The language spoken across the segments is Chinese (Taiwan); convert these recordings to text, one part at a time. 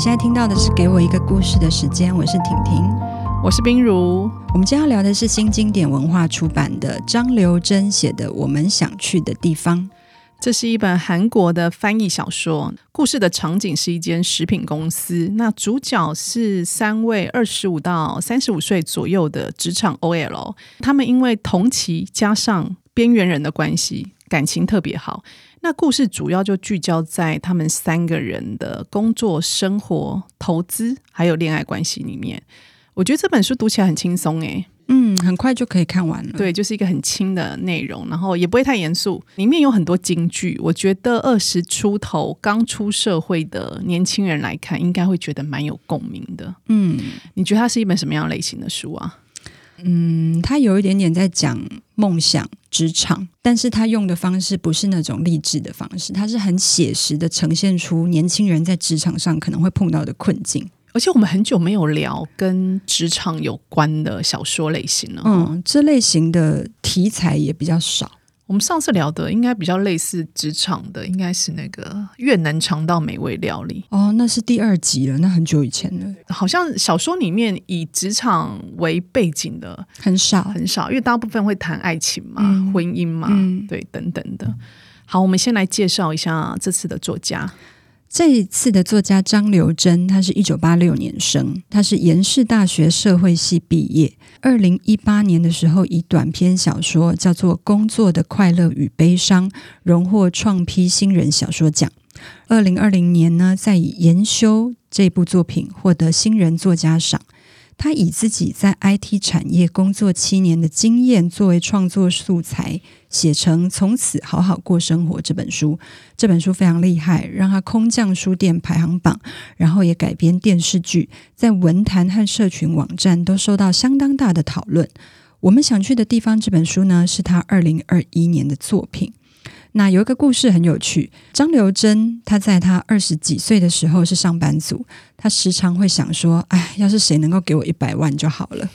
你現在聽到的是《給我一個故事的時間》，我是婷婷，我是彬如。我們今天要聊的是新經典文化出版的張琉珍寫的《我們想去的地方》，這是一本韓國的翻譯小說。故事的場景是一間食品公司，那主角是三位二十五到三十五歲左右的職場 OL，他們因為同期加上邊緣人的關係，感情特別好，那故事主要就聚焦在他們三個人的工作、生活、投資，還有戀愛關係裡面。我覺得這本書讀起來很輕鬆欸，誒，嗯，很快就可以看完了。對，就是一個很輕的內容，然後也不會太嚴肅。裡面有很多金句，我覺得二十出頭剛出社會的年輕人來看，應該會覺得蠻有共鳴的。嗯，你覺得它是一本什麼樣類型的書啊？嗯，它有一點點在講夢想。職場，但是他用的方式不是那種勵志的方式，他是很寫實的呈現出年輕人在職場上可能會碰到的困境。而且我們很久沒有聊跟職場有關的小說類型了，嗯，這類型的題材也比較少。我們上次聊的應該比較類似職場的，應該是那個越南腸道美味料理。哦，那是第二集了，那很久以前了。嗯、好像小說裡面以職場為背景的很少很少，因為大部分會談愛情嘛、嗯、婚姻嘛、嗯、對等等的。好，我們先來介紹一下這次的作家。這一次的作家張琉珍，他是一九八六年生，他是延世大學社會系畢業。二零一八年的時候，以短篇小說叫做《工作的快樂與悲傷》榮獲創批新人小說獎。二零二零年呢，在以《研修》這部作品獲得新人作家賞。他以自己在 IT 產業工作七年的經驗作為創作素材，寫成《從此好好過生活》這本書。這本書非常厲害，讓他空降書店排行榜，然後也改編電視劇，在文壇和社群網站都受到相當大的討論。我們想去的地方，這本書呢，是他二零二一年的作品。那有一個故事很有趣，張琉珍他在他二十幾歲的時候是上班族，他時常會想說，哎，要是誰能夠給我一百萬就好了，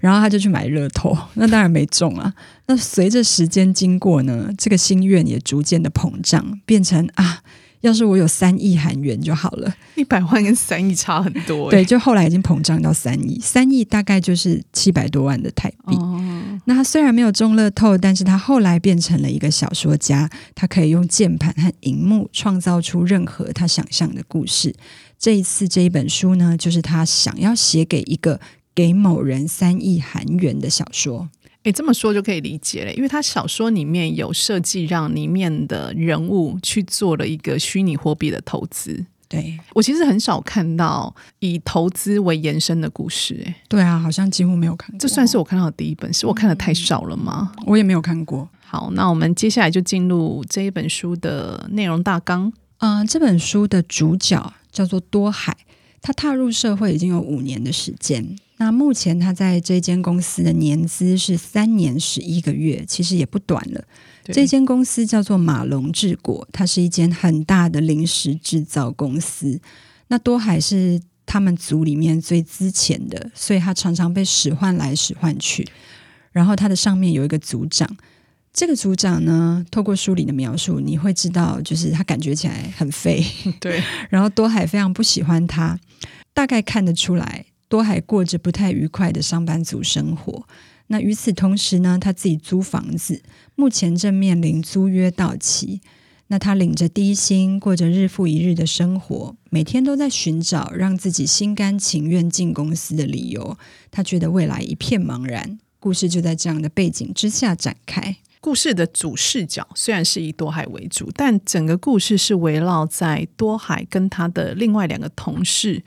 然後他就去買樂透，那當然沒中啊。那隨着時間經過呢，這個心願也逐漸的膨脹，變成啊。要是我有三億韓元就好了。一百萬跟三億差很多欸。 對，就後來已經膨脹到三億，三億大概就是七百多萬的台幣。哦，那他雖然沒有中樂透，但是他後來變成了一個小說家，他可以用鍵盤和熒幕創造出任何他想象的故事。這一次這一本書呢，就是他想要寫給一個給某人三億韓元的小說。你這麼說就可以理解了，因為他小說裡面有設計讓裡面的人物去做了一個虛擬貨幣的投資。對，我其實很少看到以投資為延伸的故事。對啊，好像幾乎沒有看過。這算是我看到的第一本，是我看的太少了嗎？嗯，我也沒有看過。好，那我們接下來就進入這一本書的內容大綱。嗯、呃，這本書的主角叫做多海，他踏入社會已經有五年的時間。那目前他在這間公司的年資是三年十一個月，其實也不短了。對這間公司叫做馬龍製果，它是一間很大的零食製造公司。那多海是他們組裡面最資淺的，所以他常常被使喚來使喚去。然後他的上面有一個組長，這個組長呢，透過書裡的描述，你會知道，就是他感覺起來很廢。對， 然後多海非常不喜歡他，大概看得出來。多海過着不太愉快的上班族生活。那與此同時呢，他自己租房子，目前正面臨租約到期。那他領着低薪，過着日復一日的生活，每天都在尋找讓自己心甘情願進公司的理由。他覺得未來一片茫然。故事就在這樣的背景之下展開。故事的主視角雖然是以多海為主，但整個故事是圍繞在多海跟他的另外兩個同事，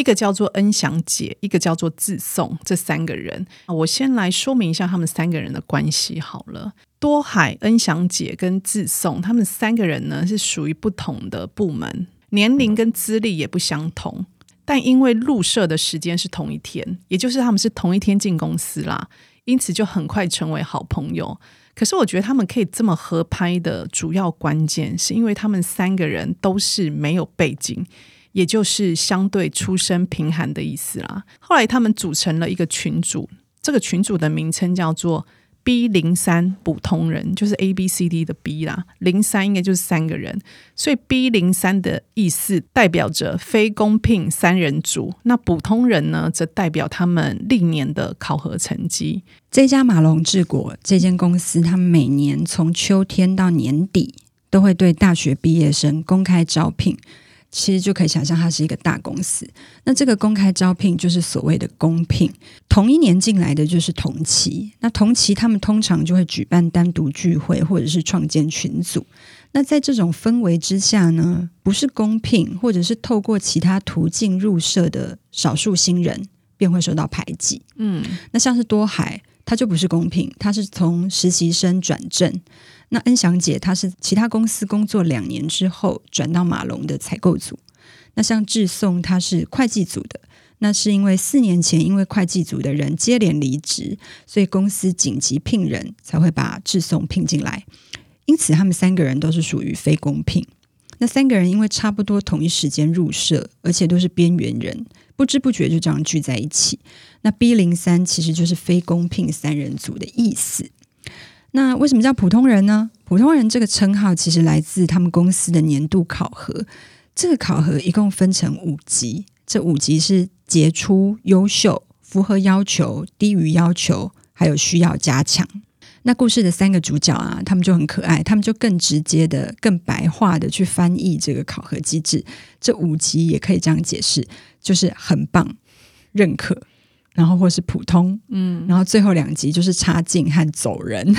一個叫做恩祥姐，一個叫做自頌，這三個人，我先來說明一下他們三個人的關係好了。多海、恩祥姐跟自頌，他們三個人呢是屬於不同的部門，年齡跟資歷也不相同。但因為入社的時間是同一天，也就是他們是同一天進公司啦，因此就很快成為好朋友。可是我覺得他們可以這麼合拍的主要關鍵，是因為他們三個人都是沒有背景。也就是相對出身貧寒的意思啦。後來他們組成了一個群組，這個群組的名稱叫做 “B 零三普通人”，就是 A B C D 的 B 啦。零三應該就是三個人，所以 B 零三的意思代表着非公聘三人組。那普通人呢，則代表他們歷年的考核成績。這家馬龍治國這間公司，他們每年從秋天到年底都會對大學畢業生公開招聘。其實就可以想象，它是一個大公司。那這個公開招聘，就是所謂的公聘，同一年進來的就是同期。那同期他們通常就會舉辦單獨聚會，或者是創建群組。那在這種氛圍之下呢，不是公聘或者是透過其他途徑入社的少數新人便會受到排擠。嗯，那像是多海，他就不是公聘，他是從實習生轉正。那恩祥姐她是其他公司工作兩年之後轉到馬龍的採購組。那像志頌，他是會計組的，那是因為四年前因為會計組的人接連離職，所以公司緊急聘人才會把志頌聘進來。因此他們三個人都是屬於非公聘。那三個人因為差不多同一時間入社，而且都是邊緣人，不知不覺就這樣聚在一起。那 B 零三其實就是非公聘三人組的意思。那為什麼叫普通人呢？普通人這個稱號其實來自他們公司的年度考核。這個考核一共分成五級，這五級是傑出、優秀、符合要求、低於要求，還有需要加強。那故事的三個主角啊，他們就很可愛，他們就更直接的、更白話的去翻譯這個考核機制。這五級也可以這樣解釋，就是很棒，認可。然後或是普通，嗯，然後最後兩級就是差勁和走人，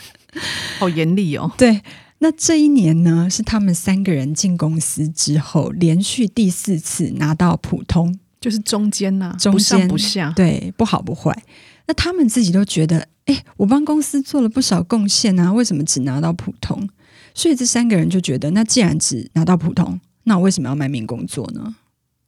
好嚴厲哦。對，那這一年呢，是他們三個人進公司之後連續第四次拿到普通，就是中間吶、啊，中間不上不下，對，不好不壞。那他們自己都覺得，哎，我幫公司做了不少貢獻啊，為什麼只拿到普通？所以這三個人就覺得，那既然只拿到普通，那我為什麼要賣命工作呢？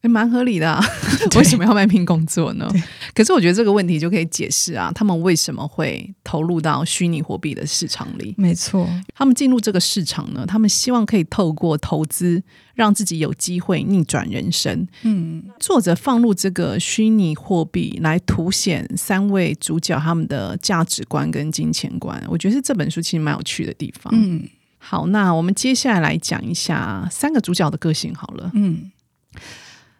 也蠻合理的啊， 為什麼要賣命工作呢？可是我覺得這個問題就可以解釋啊，他們為什麼會投入到虛擬貨幣的市場裡？沒錯，他們進入這個市場呢，他們希望可以透過投資讓自己有機會逆轉人生。嗯，作者放入這個虛擬貨幣來凸顯三位主角他們的價值觀跟金錢觀，我覺得是這本書其實蠻有趣的地方。嗯，好，那我們接下來來講一下三個主角的個性好了。嗯。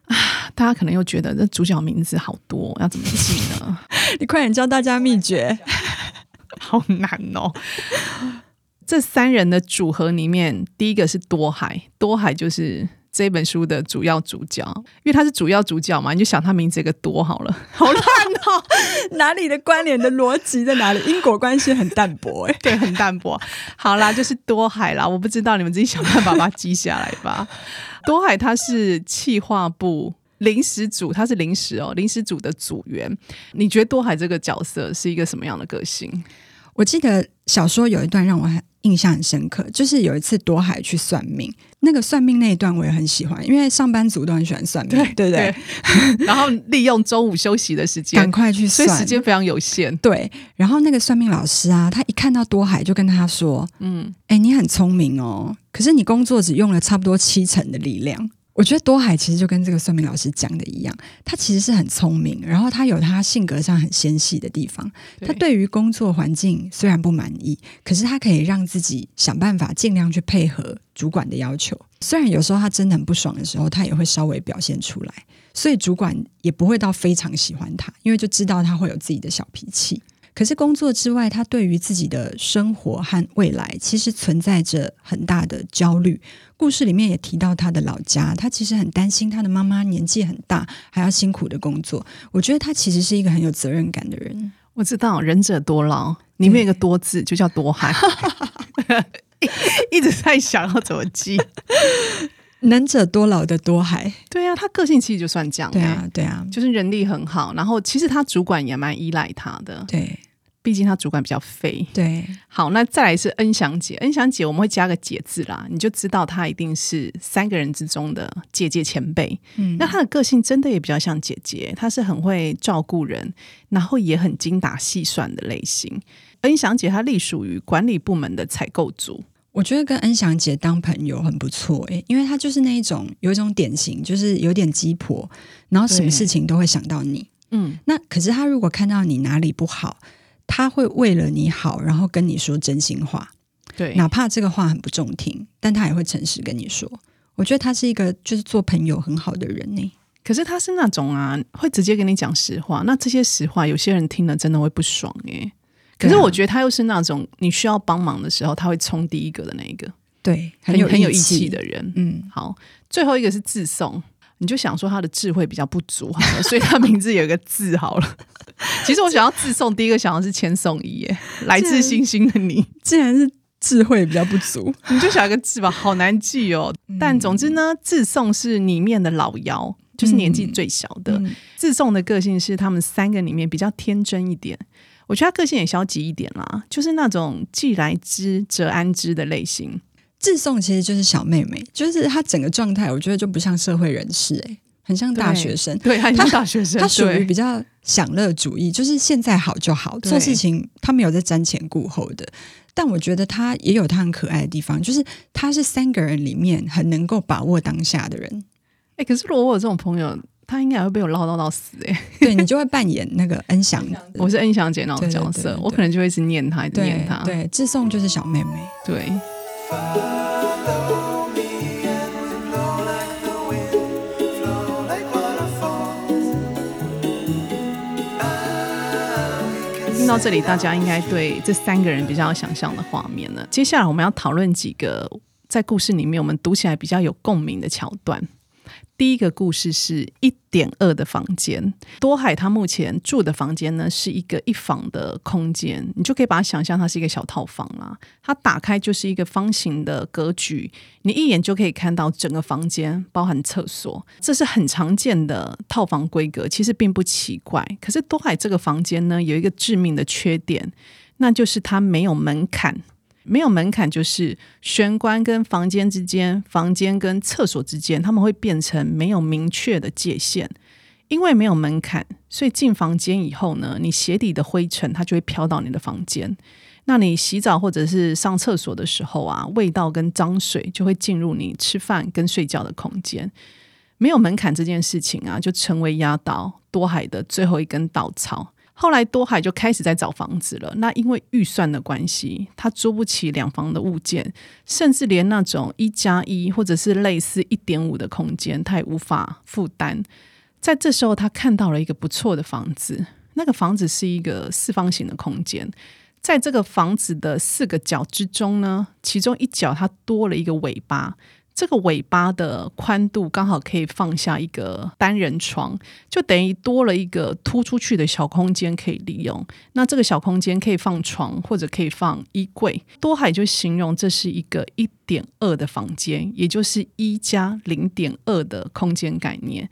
啊！大家可能又覺得這主角名字好多，要怎麼記呢？你快點教大家秘訣。 好難哦！ 這三人的組合裡面，第一個是多海，多海就是這本書的主要主角，因為他是主要主角嘛，你就想他名字一個多好了。 好亂哦！ 哪裡的關聯的邏輯在哪裡？因果關係很淡薄哎， 對，很淡薄。好啦，就是多海啦，我不知道你們自己想辦法把它記下來吧。 多海他是企劃部臨時組，他是臨時哦，臨時組的組員。你覺得多海這個角色是一個什麼樣的個性？我記得小說有一段讓我很。印象很深刻，就是有一次多海去算命，那個算命那一段我也很喜歡，因為上班族都很喜歡算命，對，對不對，對？然後利用中午休息的時間趕快去算，所以時間非常有限。對，然後那個算命老師啊，他一看到多海就跟他說：“嗯，哎、欸，你很聰明哦，可是你工作只用了差不多七成的力量。”我覺得多海其實就跟這個算命老師講的一樣，他其實是很聰明，然後他有他性格上很纖細的地方。他對於工作環境雖然不滿意，可是他可以讓自己想辦法儘量去配合主管的要求。雖然有時候他真的很不爽的時候，他也會稍微表現出來，所以主管也不會到非常喜歡他，因為就知道他會有自己的小脾氣。可是工作之外，他對於自己的生活和未來其實存在着很大的焦慮。故事裡面也提到他的老家，他其實很擔心他的媽媽年紀很大，還要辛苦的工作。我覺得他其實是一個很有責任感的人。嗯，我知道“仁者多勞”，裡面有一個多字就叫多海， 一一直在想要怎麼記“能者多勞”的多海。對啊，他個性其實就算這樣。對啊，對啊，就是人力很好，然後其實他主管也蠻依賴他的。對。畢竟他主管比較廢。對，好，那再來是恩祥姐，恩祥姐我們會加個姐字啦，你就知道她一定是三個人之中的姐姐前輩。嗯，那她的個性真的也比較像姐姐，她是很會照顧人，然後也很精打細算的類型。恩祥姐她隸屬於管理部門的採購組，我覺得跟恩祥姐當朋友很不錯哎、欸，因為她就是那一種有一種典型，就是有點雞婆，然後什麼事情都會想到你。嗯，那可是她如果看到你哪裡不好。他會為了你好，然後跟你說真心話，對，哪怕這個話很不中聽，但他也會誠實跟你說。我覺得他是一個就是做朋友很好的人呢、欸。可是他是那種啊，會直接跟你講實話。那這些實話，有些人聽了真的會不爽哎、欸。可是我覺得他又是那種你需要幫忙的時候，他會衝第一個的那一個，對，很有意很，很有義氣的人。嗯，好，最後一個是自送，你就想說他的智慧比較不足，所以他名字也有一個字，好了。 其實我想要自送，第一個想要是千頌伊，來自星星的你。既然， 然是智慧比較不足， 你就想要一個字吧，好難記哦。嗯、但總之呢，自送是裡面的老麼，就是年紀最小的。嗯、自送的個性是他們三個裡面比較天真一點，我覺得他個性也消極一點啦，就是那種既來之則安之的類型。自送其實就是小妹妹，就是她整個狀態，我覺得就不像社會人士誒、欸，很像大學生。對，很像她大學生，她屬於比較享樂主義，就是現在好就好，做對事情她沒有在瞻前顧後的。但我覺得她也有她很可愛的地方，就是她是三個人裡面很能夠把握當下的人。哎、欸，可是如果我有這種朋友，她應該還會被我嘮叨到死誒、欸。 對你就會扮演那個恩祥， 我是恩祥姐那種角色，對對對對我可能就會一直念她，念她。對，自送就是小妹妹。對。對聽到這裡，大家應該對這三個人比較有想象的畫面了。接下來，我們要討論幾個在故事裡面我們讀起來比較有共鳴的橋段。第一個故事是一點二的房間。多海他目前住的房間呢，是一個一房的空間，你就可以把它想象，它是一個小套房啦。它打開就是一個方形的格局，你一眼就可以看到整個房間，包含廁所。這是很常見的套房規格，其實並不奇怪。可是多海這個房間呢，有一個致命的缺點，那就是它沒有門檻。沒有門檻，就是玄關跟房間之間，房間跟廁所之間，它們會變成沒有明確的界限。因為沒有門檻，所以進房間以後呢，你鞋底的灰塵它就會飄到你的房間。那你洗澡或者是上廁所的時候啊，味道跟髒水就會進入你吃飯跟睡覺的空間。沒有門檻這件事情啊，就成為壓倒多海的最後一根稻草。後來多海就開始在找房子了。那因為預算的關係，他租不起兩房的物件，甚至連那種一加一或者是類似一點五的空間，他也無法負擔。在這時候，他看到了一個不錯的房子。那個房子是一個四方形的空間，在這個房子的四個角之中呢，其中一角它多了一個尾巴。這個尾巴的寬度剛好可以放下一個單人床，就等於多了一個突出去的小空間可以利用。那這個小空間可以放床或者可以放衣櫃。多海就形容這是一個一點二的房間，也就是一加零點二的空間概念。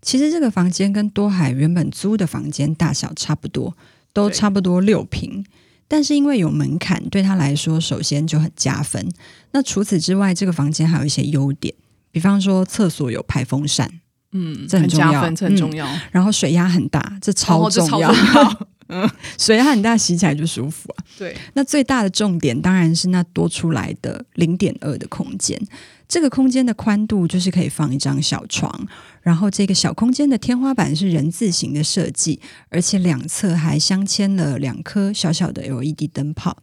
其實這個房間跟多海原本租的房間大小差不多，都差不多六平，但是因為有門檻，對他來說首先就很加分。那除此之外，這個房間還有一些優點，比方說廁所有排風扇，嗯，這很重要，這很加分，很重要、嗯。然後水壓很大，這超重要，這超重要 水壓很大，洗起來就舒服啊。對，那最大的重點當然是那多出來的零點二的空間。這個空間的寬度就是可以放一張小床，然後這個小空間的天花板是人字形的設計，而且兩側還鑲嵌了兩顆小小的 LED 燈泡。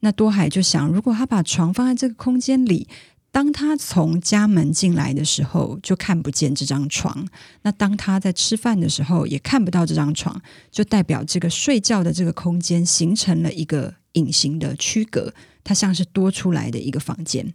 那多海就想，如果他把床放在這個空間裡，當他從家門進來的時候，就看不見這張床；那當他在吃飯的時候，也看不到這張床，就代表這個睡覺的這個空間形成了一個隱形的區隔，它像是多出來的一個房間。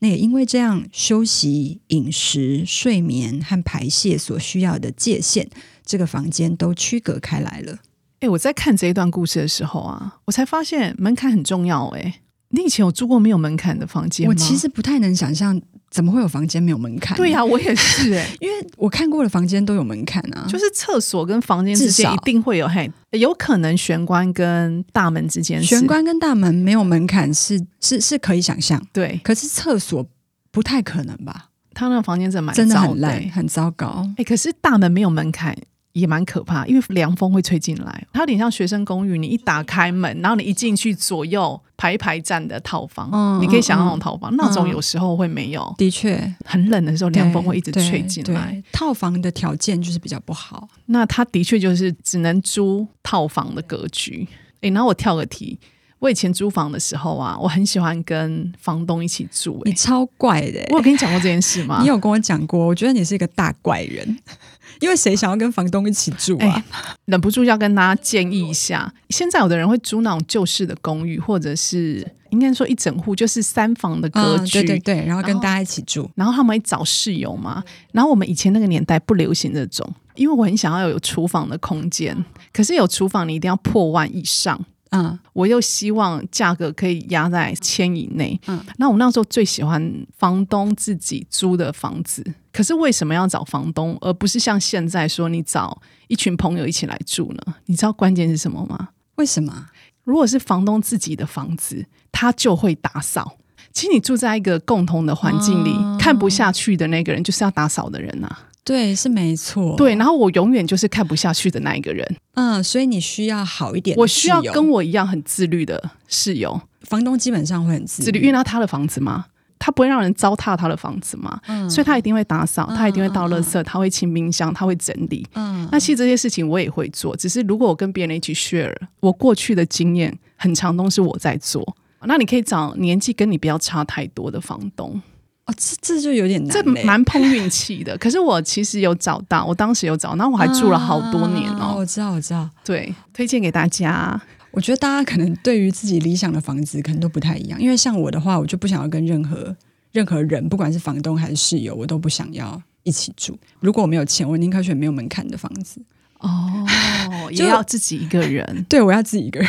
那也因為這樣，休息、飲食、睡眠和排泄所需要的界限，這個房間都區隔開來了。欸，我在看這一段故事的時候啊，我才發現門檻很重要，欸。哎，你以前有住過沒有門檻的房間嗎？我其實不太能想象。怎麼會有房間沒有門檻？對呀、啊，我也是、欸、 因為我看過的房間都有門檻啊。就是廁所跟房間之間一定會有，至少 嘿，有可能玄關跟大門之間，玄關跟大門沒有門檻是是是可以想象。對，可是廁所不太可能吧？他那個房間真蠻，真的很爛，很糟糕。哎、欸，可是大門沒有門檻。也蠻可怕，因為涼風會吹進來，它有點像學生公寓。你一打開門，然後你一進去，左右排排站的套房，嗯、你可以想象那種套房、嗯、那種，有時候會沒有。嗯、的確，很冷的時候，涼風會一直吹進來。套房的條件就是比較不好。那它的確就是只能租套房的格局。對誒，那我跳個題。我以前租房的時候啊，我很喜歡跟房東一起住、欸。你超怪的、欸！我有跟你講過這件事嗎、欸？你有跟我講過？我覺得你是一個大怪人， 因為誰想要跟房東一起住啊、欸？忍不住要跟大家建議一下。現在有的人會租那種舊式的公寓，或者是應該說一整戶就是三房的格局，嗯、對對對，然後，然後跟大家一起住。然後他們會找室友嘛。然後我們以前那個年代不流行這種，因為我很想要有廚房的空間，可是有廚房你一定要破萬以上。嗯，我又希望價格可以壓在千以內。嗯，那我那時候最喜歡房東自己租的房子。可是為什麼要找房東，而不是像現在說你找一群朋友一起來住呢？你知道關鍵是什麼嗎？為什麼？如果是房東自己的房子，他就會打掃。其實你住在一個共同的環境裡，哦，看不下去的那個人就是要打掃的人啊。對，是沒錯。對，然後我永遠就是看不下去的那一個人。嗯，所以你需要好一點的室友。我需要跟我一樣很自律的室友。房東基本上會很自律，自律遇到他的房子嘛，他不會讓人糟蹋他的房子嘛？嗯，所以他一定會打掃，他一定會倒垃圾，他會清冰箱，他會整理。嗯，那其實這些事情我也會做，只是如果我跟別人一起 share 我過去的經驗，很常都是我在做。那你可以找年紀跟你不要差太多的房東。哦，這這就有點難，這蠻碰運氣的。 可是我其實有找到，我當時有找到，然後我還住了好多年哦。啊，我知道，我知道，對，推薦給大家。我覺得大家可能對於自己理想的房子可能都不太一樣，因為像我的話，我就不想要跟任何任何人，不管是房東還是室友，我都不想要一起住。如果我沒有錢，我寧可選沒有門檻的房子。哦， 就也要自己一個人。對，我要自己一個人。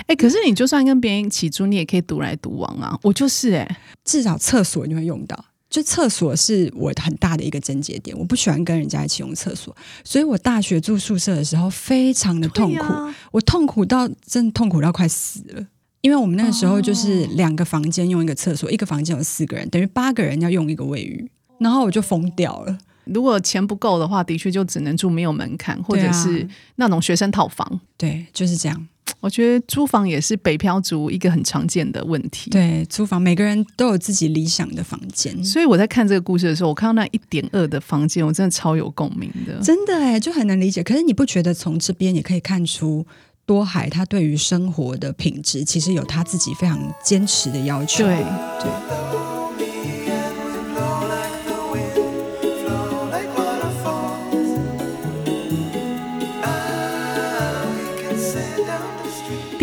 哎、 欸，可是你就算跟別人一起住，你也可以獨來獨往啊。我就是、欸、至少廁所你會用到，就廁所是我很大的一個症結點。我不喜歡跟人家一起用廁所，所以我大學住宿舍的時候非常的痛苦，啊、我痛苦到真的痛苦到快死了。因為我們那個時候就是兩個房間用一個廁所，哦、一個房間有四個人，等於八個人要用一個衛浴，然後我就瘋掉了。如果錢不夠的話，的確就只能住沒有門檻，或者是那種學生套房。對啊、對，就是這樣。我覺得租房也是北漂族一個很常見的問題。對，租房每個人都有自己理想的房間。所以我在看這個故事的時候，我看到那一點二的房間，我真的超有共鳴的。真的，哎、欸，就很難理解。可是你不覺得從這邊也可以看出多海他對於生活的品質，其實有他自己非常堅持的要求？對。對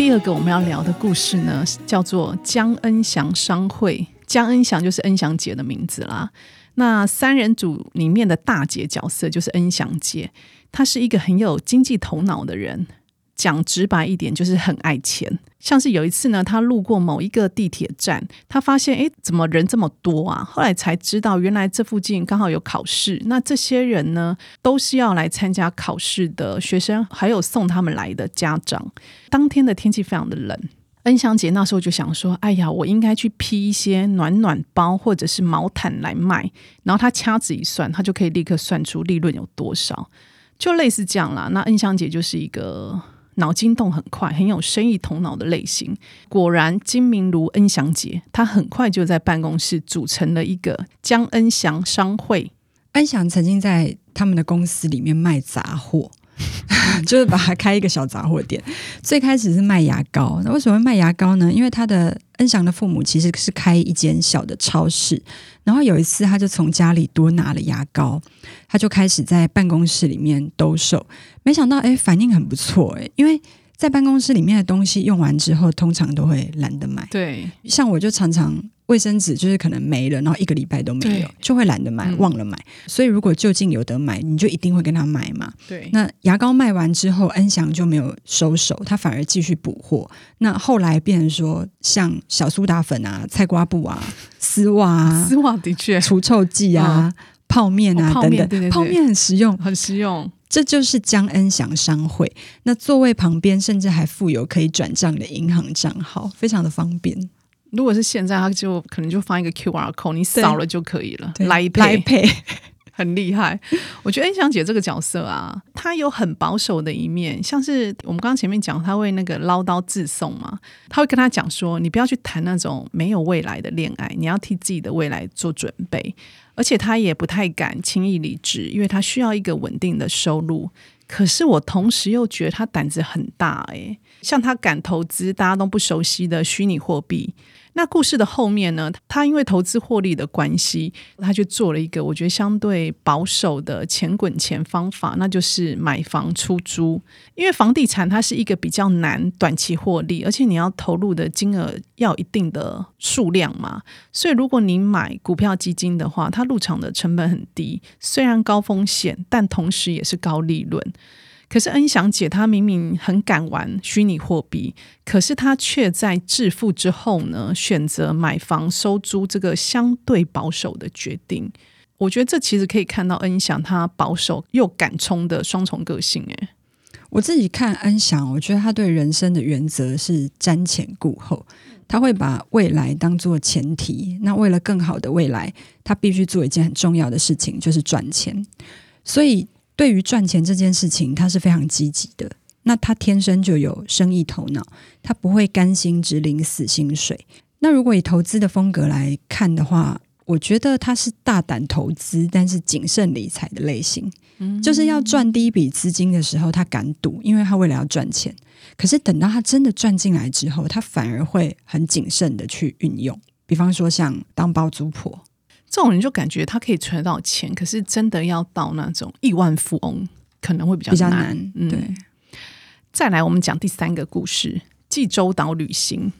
第二個我們要聊的故事呢，叫做江恩祥商會。江恩祥就是恩祥姐的名字啦。那三人組裡面的大姐角色就是恩祥姐，她是一個很有經濟頭腦的人。講直白一點，就是很愛錢。像是有一次呢，他路過某一個地鐵站，他發現，哎，怎麼人這麼多啊？後來才知道，原來這附近剛好有考試。那這些人呢，都是要來參加考試的學生，還有送他們來的家長。當天的天氣非常的冷，恩祥姐那時候就想說，哎呀，我應該去批一些暖暖包或者是毛毯來賣。然後他掐指一算，他就可以立刻算出利潤有多少。就類似這樣啦。那恩祥姐就是一個。腦筋動很快，很有生意頭腦的類型。果然，精明如恩祥姐，她很快就在辦公室組成了一個江恩祥商會。恩祥曾經在他們的公司裡面賣雜貨。 就是把他開一個小雜貨店， 最開始是賣牙膏。那為什麼賣牙膏呢？因為他的恩祥的父母其實是開一間小的超市，然後有一次他就從家裡多拿了牙膏，他就開始在辦公室裡面兜售。沒想到，誒、欸，反應很不錯，誒，因為。在辦公室裡面的東西用完之後，通常都會懶得買。對，像我就常常衛生紙，就是可能沒了，然後一個禮拜都沒有，對就會懶得買，忘了買。嗯、所以如果就近有得買，你就一定會跟他買嘛。對。那牙膏賣完之後，恩祥就沒有收手，他反而繼續補貨。那後來變成說，像小蘇打粉啊、菜瓜布啊、絲襪、啊、絲襪的確除臭劑啊、啊泡麵啊、哦、泡麵等等，對對對泡麵很實用，很實用。這就是江恩祥商會，那座位旁邊，甚至還附有可以轉賬的銀行賬號，非常的方便。如果是現在，他就可能就放一個 QR code，你掃了就可以了。來 Pay 很厲害。 我覺得恩祥姐這個角色啊，她有很保守的一面，像是我們剛剛前面講，她會那個嘮叨自送嘛，她會跟她講說，你不要去談那種沒有未來的戀愛，你要替自己的未來做準備。而且他也不太敢輕易離職，因為他需要一個穩定的收入。可是我同時又覺得他膽子很大，欸，哎，像他敢投資大家都不熟悉的虛擬貨幣。那故事的後面呢？他因為投資獲利的關係，他就做了一個我覺得相對保守的錢滾錢方法，那就是買房出租。因為房地產它是一個比較難短期獲利，而且你要投入的金額要一定的數量嘛。所以如果你買股票基金的話，它入場的成本很低，雖然高風險，但同時也是高利潤。可是恩祥姐她明明很敢玩虛擬貨幣，可是她卻在致富之後呢，選擇買房收租這個相對保守的決定。我覺得這其實可以看到恩祥她保守又敢衝的雙重個性、欸。誒，我自己看恩祥，我覺得他對人生的原則是瞻前顧後，他會把未來當做前提。那為了更好的未來，他必須做一件很重要的事情，就是賺錢。所以。對於賺錢這件事情，他是非常積極的。那他天生就有生意頭腦，他不會甘心只領死薪水。那如果以投資的風格來看的話，我覺得他是大膽投資，但是謹慎理財的類型。就是要賺第一筆資金的時候，他敢賭，因為他為了要賺錢。可是等到他真的賺進來之後，他反而會很謹慎的去運用。比方說，像當包租婆。這種人就感覺他可以存得到錢，可是真的要到那種億萬富翁，可能會比較難。較難嗯，對再來我們講第三個故事——濟州島旅行。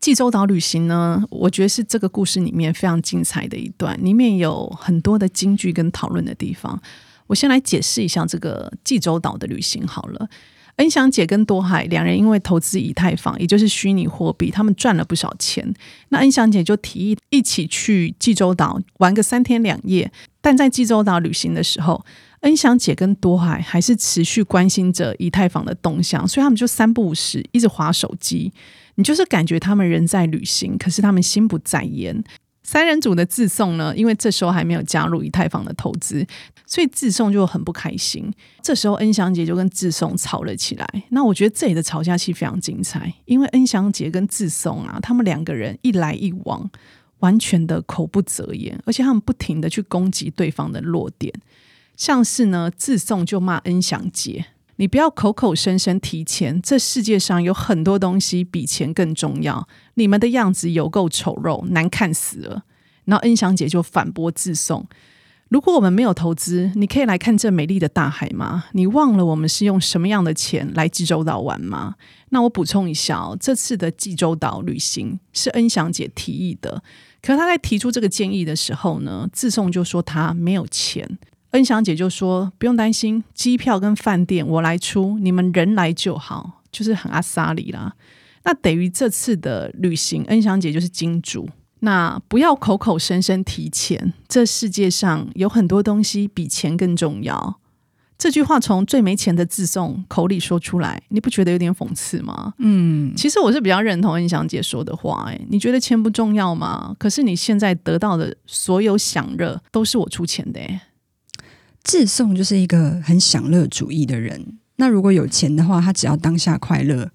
濟州島旅行呢，我覺得是這個故事裡面非常精彩的一段，裡面有很多的金句跟討論的地方。我先來解釋一下這個濟州島的旅行好了。恩祥姐跟多海兩人因為投資以太坊，也就是虛擬貨幣，他們賺了不少錢。那恩祥姐就提議一起去濟州島玩個三天兩夜。但在濟州島旅行的時候，恩祥姐跟多海還是持續關心着以太坊的動向，所以他們就三不五時一直滑手機。你就是感覺他們人在旅行，可是他們心不在焉。三人組的自送呢，因為這時候還沒有加入以太坊的投資，所以自送就很不開心。這時候恩祥姐就跟自送吵了起來。那我覺得這裡的吵架戲非常精彩，因為恩祥姐跟自送啊，他們兩個人一來一往，完全的口不擇言，而且他們不停的去攻擊對方的弱點，像是呢，自送就罵恩祥姐：“你不要口口聲聲提錢，這世界上有很多東西比錢更重要。”你們的樣子有夠醜陋，難看死了。然後恩祥姐就反駁自送：“如果我們沒有投資，你可以來看這美麗的大海嗎？你忘了我們是用什麼樣的錢來濟州島玩嗎？”那我補充一下哦，這次的濟州島旅行是恩祥姐提議的。可她在提出這個建議的時候呢，自送就說她沒有錢。恩祥姐就說：“不用擔心，機票跟飯店我來出，你們人來就好。”就是很阿薩里啦。那等於這次的旅行，恩祥姐就是金主。那不要口口聲聲提錢，這世界上有很多東西比錢更重要。這句話從最沒錢的自送口裡說出來，你不覺得有點諷刺嗎？嗯，其實我是比較認同恩祥姐說的話、欸。誒，你覺得錢不重要嗎？可是你現在得到的所有享樂都是我出錢的、欸。自送就是一個很享樂主義的人。那如果有錢的話，他只要當下快樂。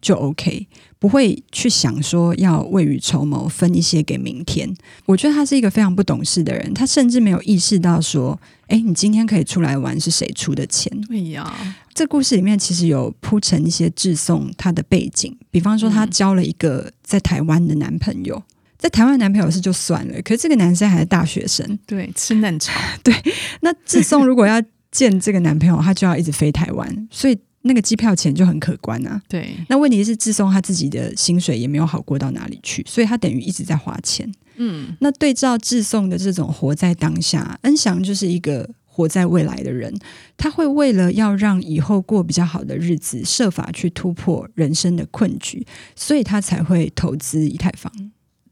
就 OK，不會去想說要未雨綢繆，分一些給明天。我覺得他是一個非常不懂事的人，他甚至沒有意識到說，哎，你今天可以出來玩，是誰出的錢？對、哎、呀，這故事裡面其實有鋪陳一些志頌他的背景，比方說他交了一個在台灣的男朋友，嗯、在台灣的男朋友是就算了，可是這個男生還是大學生，嗯、對，吃嫩草。 對，那志頌如果要見這個男朋友，他就要一直飛台灣，所以。那個機票錢就很可觀啊，對。那問題是志頌他自己的薪水也沒有好過到哪裡去，所以他等於一直在花錢。嗯，那對照志頌的這種活在當下，恩祥就是一個活在未來的人，他會為了要讓以後過比較好的日子，設法去突破人生的困局，所以他才會投資以太坊。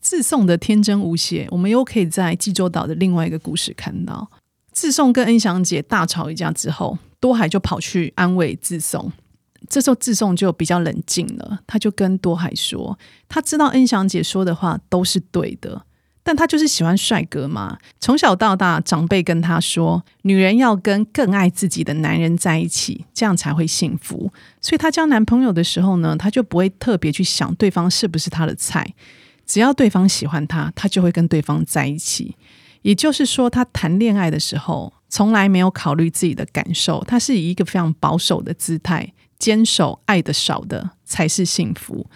志頌的天真無邪，我們又可以在濟州島的另外一個故事看到。自頌跟恩祥姐大吵一架之後，多海就跑去安慰自頌。這時候自頌就比較冷靜了，他就跟多海說：“他知道恩祥姐說的話都是對的，但他就是喜歡帥哥嘛。從小到大，長輩跟他說，女人要跟更愛自己的男人在一起，這樣才會幸福。所以，他交男朋友的時候呢，他就不會特別去想對方是不是他的菜，只要對方喜歡他，他就會跟對方在一起。”也就是說，他談戀愛的時候從來沒有考慮自己的感受，他是以一個非常保守的姿態，堅守愛的少的才是幸福。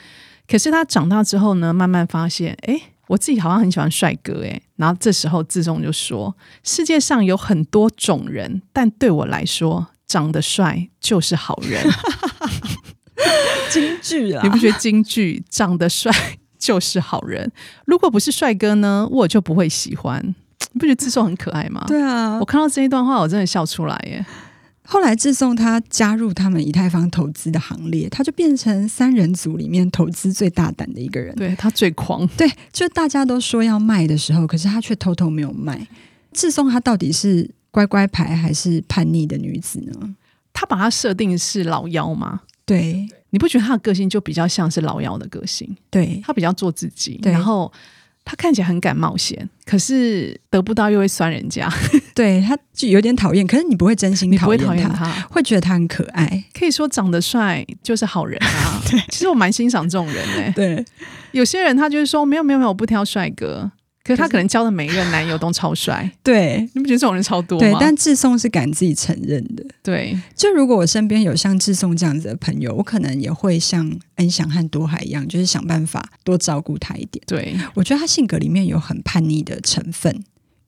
可是他長大之後呢，慢慢發現，哎、欸，我自己好像很喜歡帥哥、欸，哎。然後這時候自重就說：“世界上有很多種人，但對我來說，長得帥就是好人。 啦”金句啊，你不覺得金句長得帥就是好人？如果不是帥哥呢，我就不會喜歡。你不覺得自送很可愛嗎？ 對啊，我看到這一段話，我真的笑出來耶。後來自送他加入他們以太坊投資的行列，他就變成三人組裡面投資最大膽的一個人。對，他最狂，對，就大家都說要賣的時候，可是他卻偷偷沒有賣。自送他到底是乖乖牌還是叛逆的女子呢？嗯，他把他設定是老妖老幺嗎？對，對你不覺得他的個性就比較像是老幺的個性？對，他比較做自己，對然後。他看起來很敢冒險，可是得不到又會酸人家， 對，他就有點討厭。可是你不會真心討厭他，會，他會覺得他很可愛。可以說長得帥就是好人啊。 對 其實我蠻欣賞這種人哎、欸。對，有些人他就是說沒有沒有沒有，沒有沒有我不挑帥哥。可是他可能交的每一任男友都超帥，對，你不覺得這種人超多嗎？對，但志頌是敢自己承認的，對。就如果我身邊有像志頌這樣子的朋友，我可能也會像恩祥和多海一樣，就是想辦法多照顧他一點。對，我覺得他性格裡面有很叛逆的成分，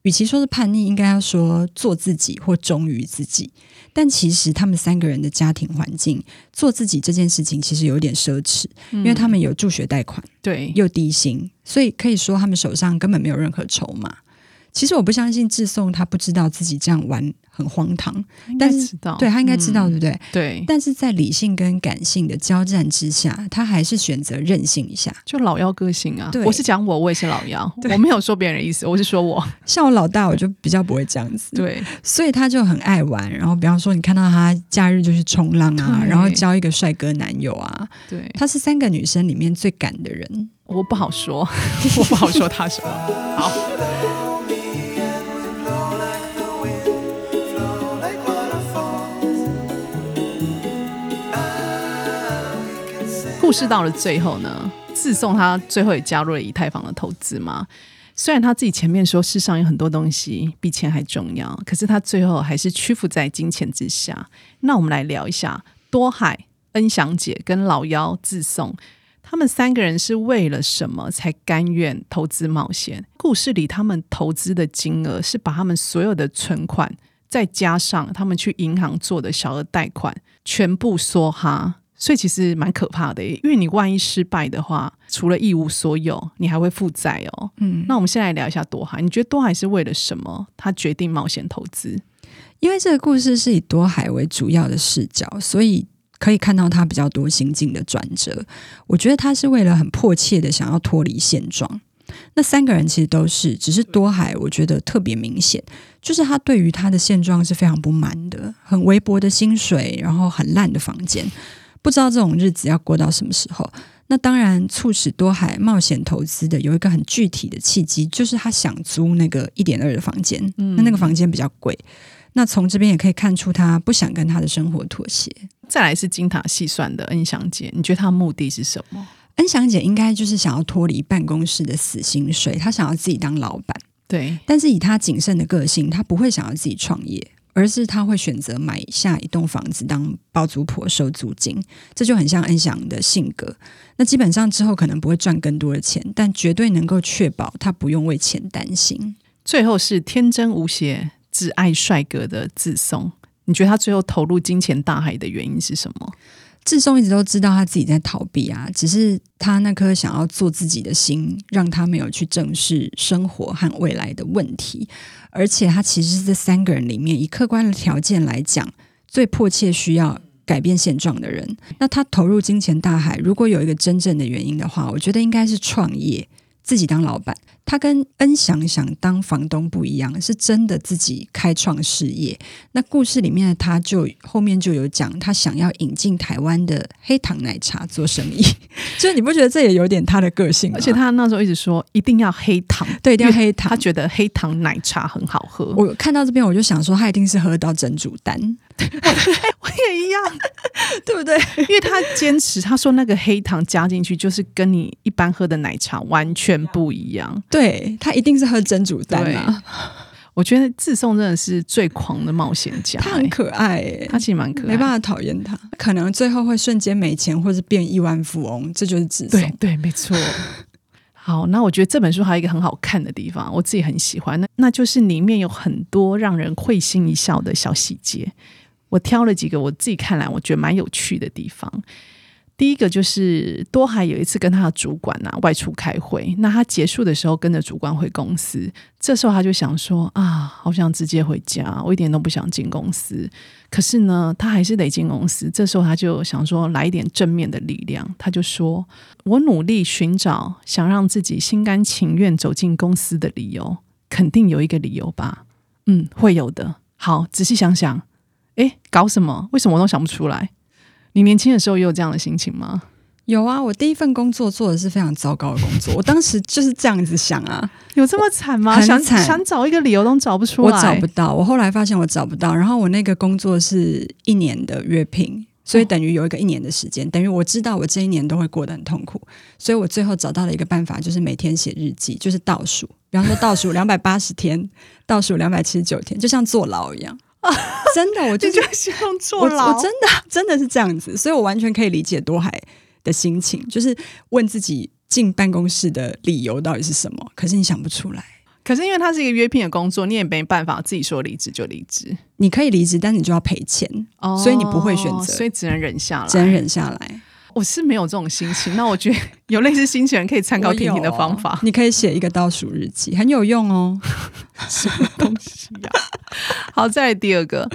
與其說是叛逆，應該要說做自己或忠於自己。但其實他們三個人的家庭環境，做自己這件事情，其實有點奢侈，因為他們有助學貸款，嗯、對，又低薪，所以可以說他們手上根本沒有任何籌碼。其實我不相信志松他不知道自己這樣玩很荒唐，但是對，他應該知道對不對？對，但是在理性跟感性的交戰之下，他還是選擇任性一下，就老妖個性啊。我是講我，我也是老妖，我沒有說別人意思，我是說我像我老大，我就比較不會這樣子。對，所以他就很愛玩，然後比方說你看到他假日就去衝浪啊，然後交一個帥哥男友啊。對，他是三個女生裡面最敢的人，我不好說，我不好說他什麼好。故事到了最後呢，自送他最後也加入了以太坊的投資嘛。雖然他自己前面說世上有很多東西比錢還重要，可是他最後還是屈服在金錢之下。那我們來聊一下多海、恩祥姐跟老幺自送，他們三個人是為了什麼才甘願投資冒險？故事裡他們投資的金額是把他們所有的存款再加上他們去銀行做的小額貸款全部梭哈。所以其實蠻可怕的，因為你萬一失敗的話，除了一無所有，你還會負債哦。嗯，那我們先來聊一下多海，你覺得多海是為了什麼，他決定冒險投資？因為這個故事是以多海為主要的視角，所以可以看到他比較多心境的轉折。我覺得他是為了很迫切的想要脫離現狀。那三個人其實都是，只是多海我覺得特別明顯，就是他對於他的現狀是非常不滿的，很微薄的薪水，然後很爛的房間。不知道這種日子要過到什麼時候。那當然，促使多海冒險投資的有一個很具體的契機，就是他想租那個1.2的房間。那那個房間比較貴，那從這邊也可以看出他不想跟他的生活妥協。再來是精打細算的恩祥姐，你覺得她的目的是什麼？恩祥姐應該就是想要脫離辦公室的死薪水，所以她想要自己當老闆。對，但是以她謹慎的個性，她不會想要自己創業。而是他會選擇買下一棟房子當包租婆收租金，這就很像恩祥的性格。那基本上之後可能不會賺更多的錢，但絕對能夠確保他不用為錢擔心。最後是天真無邪、只愛帥哥的自松，你覺得他最後投入金錢大海的原因是什麼？志松一直都知道他自己在逃避啊，只是他那顆想要做自己的心，讓他沒有去正視生活和未來的問題。而且他其實是這三個人裡面，以客觀的條件來講，最迫切需要改變現狀的人。那他投入金錢大海，如果有一個真正的原因的話，我覺得應該是創業，自己當老闆。他跟恩祥想當房東不一樣，是真的自己開創事業。那故事裡面的他就後面就有講，他想要引進台灣的黑糖奶茶做生意。 就是你不覺得這也有點他的個性？而且他那時候一直說一定要黑糖，對，一定要黑糖。他覺得黑糖奶茶很好喝。我看到這邊我就想說，他一定是喝到珍煮丹。 我也一樣， 對不對？ 因為他堅持，他說那個黑糖加進去就是跟你一般喝的奶茶完全不一樣。嗯.對，他一定是和真主在呢。我覺得自送真的是最狂的冒險家、欸，他很可愛、欸，他其實蠻可愛，沒辦法討厭他。可能最後會瞬間沒錢，或是變億萬富翁，這就是自送。對，對，沒錯。 好，那我覺得這本書還有一個很好看的地方，我自己很喜歡。那那就是裡面有很多讓人會心一笑的小細節，我挑了幾個我自己看來我覺得蠻有趣的地方。第一個就是多海有一次跟他的主管吶、啊、外出開會，那他結束的時候跟着主管回公司，這時候他就想說啊，好想直接回家，我一點都不想進公司。可是呢，他還是得進公司。這時候他就想說，來一點正面的力量，他就說，我努力尋找想讓自己心甘情願走進公司的理由，肯定有一個理由吧？嗯，會有的。好，仔細想想，誒，搞什麼？為什麼我都想不出來？你年輕的時候也有這樣的心情嗎？有啊，我第一份工作做的是非常糟糕的工作， 我當時就是這樣子想啊。有這麼慘嗎？很慘，想找一個理由都找不出來，我找不到。我後來發現我找不到，然後我那個工作是一年的月聘，所以等於有一個一年的時間，等於我知道我這一年都會過得很痛苦，所以我最後找到了一個辦法，就是每天寫日記，就是倒數，比方說倒數兩百八十天， 倒數兩百七十九天，就像坐牢一樣。 真的，我就這樣做了 用真的真的是這樣子，所以我完全可以理解多海的心情，就是問自己進辦公室的理由到底是什麼，可是你想不出來，可是因為他是一個約聘的工作，你也沒辦法自己說離職就離職，你可以離職，但你就要賠錢哦，oh, 所以你不會選擇，所以只能忍下來，只能忍下來。我是沒有這種心情，那我覺得有類似心情人，可以參考婷婷的方法。哦、你可以寫一個倒數日記，很有用哦。 什麼東西呀、啊？好，再來第二個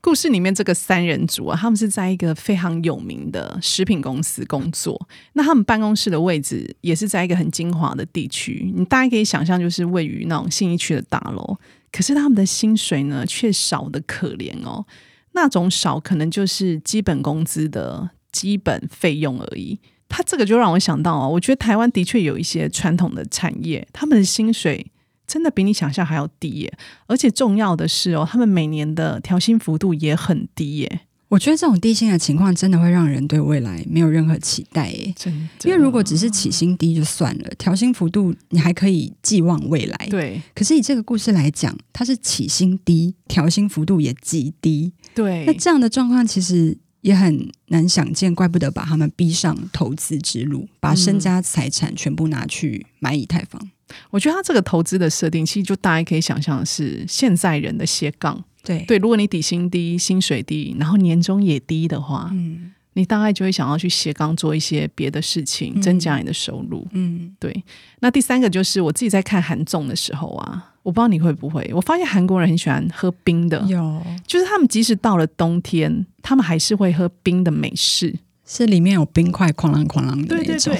故事裡面，這個三人組啊，他們是在一個非常有名的食品公司工作。那他們辦公室的位置也是在一個很精華的地區，你大家可以想象，就是位於那種信義區的大樓。可是他們的薪水呢，卻少得可憐哦。那種少，可能就是基本工資的。基本費用而已，他這個就讓我想到哦，我覺得台灣的確有一些傳統的產業，他們的薪水真的比你想象還要低耶。而且重要的是哦，他們每年的調薪幅度也很低耶。我覺得這種低薪的情況真的會讓人對未來沒有任何期待耶。真的。因為如果只是起薪低就算了，調薪幅度你還可以寄望未來。對。可是以這個故事來講，它是起薪低，調薪幅度也極低。對。那這樣的狀況其實。也很難想見，怪不得把他們逼上投資之路，把身家財產全部拿去買以太坊。嗯。我覺得他這個投資的設定，其實就大概可以想象是現在人的斜槓。對對，如果你底薪低、薪水低，然後年終也低的話，嗯，你大概就會想要去斜槓做一些別的事情，增加你的收入。嗯，嗯對。那第三個就是我自己在看韓綜的時候啊。我不知道你會不會？我發現韓國人很喜歡喝冰的，有，就是他們即使到了冬天，他們還是會喝冰的美式，是裡面有冰塊哐啷哐啷的那種。對對對，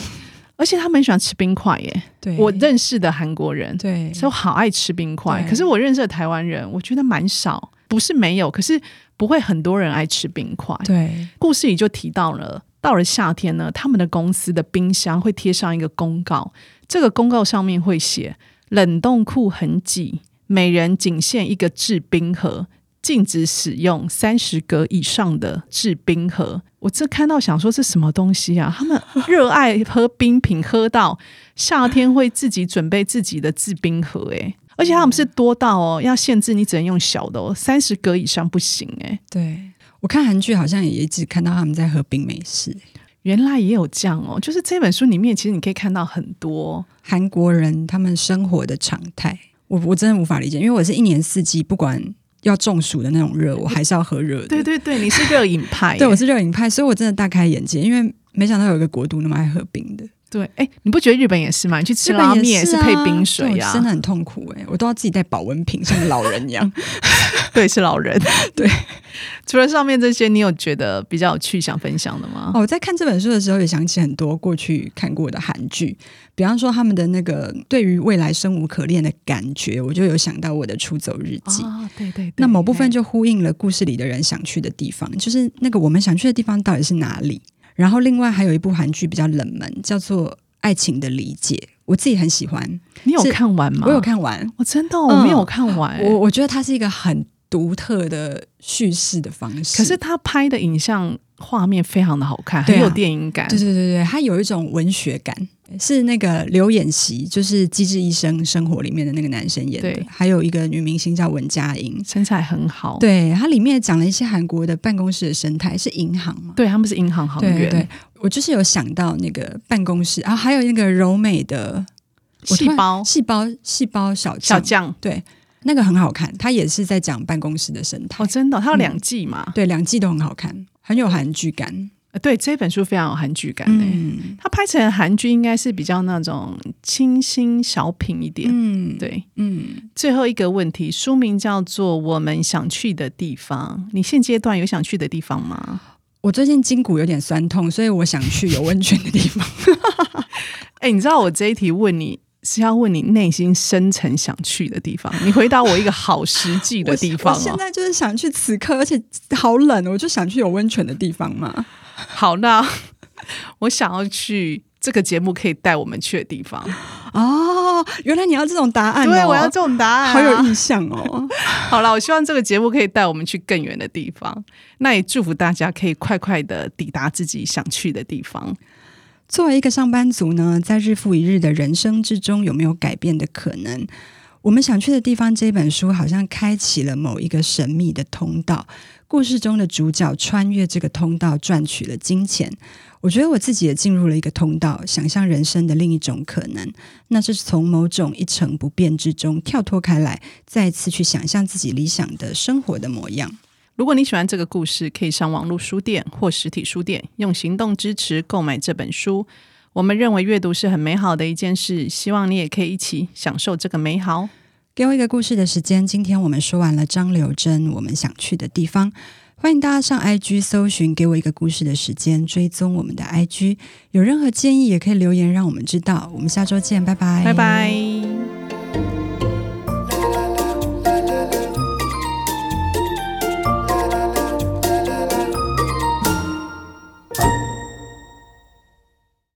而且他們很喜歡吃冰塊耶。對，我認識的韓國人對，所以好愛吃冰塊。對可是我認識的台灣人，我覺得蠻少，不是沒有，可是不會很多人愛吃冰塊。對，故事裡就提到了，到了夏天呢，他們的公司的冰箱會貼上一個公告，這個公告上面會寫。冷凍庫很擠，每人僅限一個制冰盒，禁止使用三十格以上的制冰盒。我這看到想說是什麼東西啊？他們熱愛喝冰品，喝到夏天會自己準備自己的制冰盒，誒，而且他們是多到哦，要限制你只能用小的哦，三十格以上不行，誒，對，我看韓劇好像也一直看到他們在喝冰美式。原來也有這樣哦，就是這本書裡面，其實你可以看到很多韓國人他們生活的常態。我我真的無法理解，因為我是一年四季不管要中暑的那種熱，我還是要喝熱的。對對對，你是熱飲派。 對，我是熱飲派，所以我真的大開眼界，因為沒想到有一個國度那麼愛喝冰的。對，誒、欸，你不覺得日本也是嗎？你去吃拉麵也是配冰水呀，啊，真的、啊、很痛苦誒、欸，我都要自己帶保溫瓶，像老人一樣。 對，是老人。對，除了上面這些，你有覺得比較有趣想分享的嗎？我在看這本書的時候，也想起很多過去看過的韓劇，比方說他們的那個對於未來生無可戀的感覺，我就有想到我的《出走日記》哦。對對，對,對，那某部分就呼應了故事裡的人想去的地方，欸、就是那個我們想去的地方到底是哪裡？然後，另外還有一部韓劇比較冷門，叫做《愛情的理解》，我自己很喜歡。你有看完嗎？我有看完，我真的、嗯、我沒有看完。我我覺得它是一個很獨特的敘事的方式，可是它拍的影像畫面非常的好看，啊、很有電影感。對對對對，它有一種文學感。是那個劉演熙，就是《機智醫生生活》裡面的那個男生演的，對還有一個女明星叫文佳英，身材很好。對，她裡面講了一些韓國的辦公室的生態，是銀行嘛？對，他們是銀行行員對。對，我就是有想到那個辦公室，然、啊、後還有那個柔美的細胞、細胞、細胞小將，小將對，那個很好看。他也是在講辦公室的生態。哦，真的、哦，她有兩季嘛、嗯？對，兩季都很好看，很有韓劇感。嗯對，這本書非常有韓劇感，嗯，它拍成韓劇應該是比較那種清新小品一點。嗯，對，嗯。最後一個問題，書名叫做《我們想去的地方》，你現階段有想去的地方嗎？我最近筋骨有點痠痛，所以我想去有溫泉的地方。哎、 欸，你知道我這一題問你，是要問你內心深層想去的地方。你回答我一個好實際的地方，哦， 我，我現在就是想去此刻，而且好冷，我就想去有溫泉的地方嘛。好，那我想要去這個節目可以帶我們去的地方。哦，原來你要這種答案哦？對，我要這種答案啊，好有印象哦。 好了，我希望這個節目可以帶我們去更遠的地方。 那也祝福大家可以快快的抵達自己想去的地方。作為一個上班族呢，在日復一日的人生之中，有沒有改變的可能？我們想去的地方這本書，好像開啟了某一個神秘的通道。故事中的主角穿越這個通道賺取了金錢，我覺得我自己也進入了一個通道，想象人生的另一種可能，那是從某種一成不變之中跳脫開來，再次去想象自己理想的生活的模樣。如果你喜歡這個故事，可以上網絡書店或實體書店，用行動支持購買這本書。我們認為閱讀是很美好的一件事，希望你也可以一起享受這個美好。給我一個故事的時間，今天我們說完了張琉珍，我們想去的地方。歡迎大家上 IG 搜尋“給我一個故事的時間”，追蹤我們的 IG。有任何建議也可以留言讓我們知道。我們下周見，拜拜，拜拜。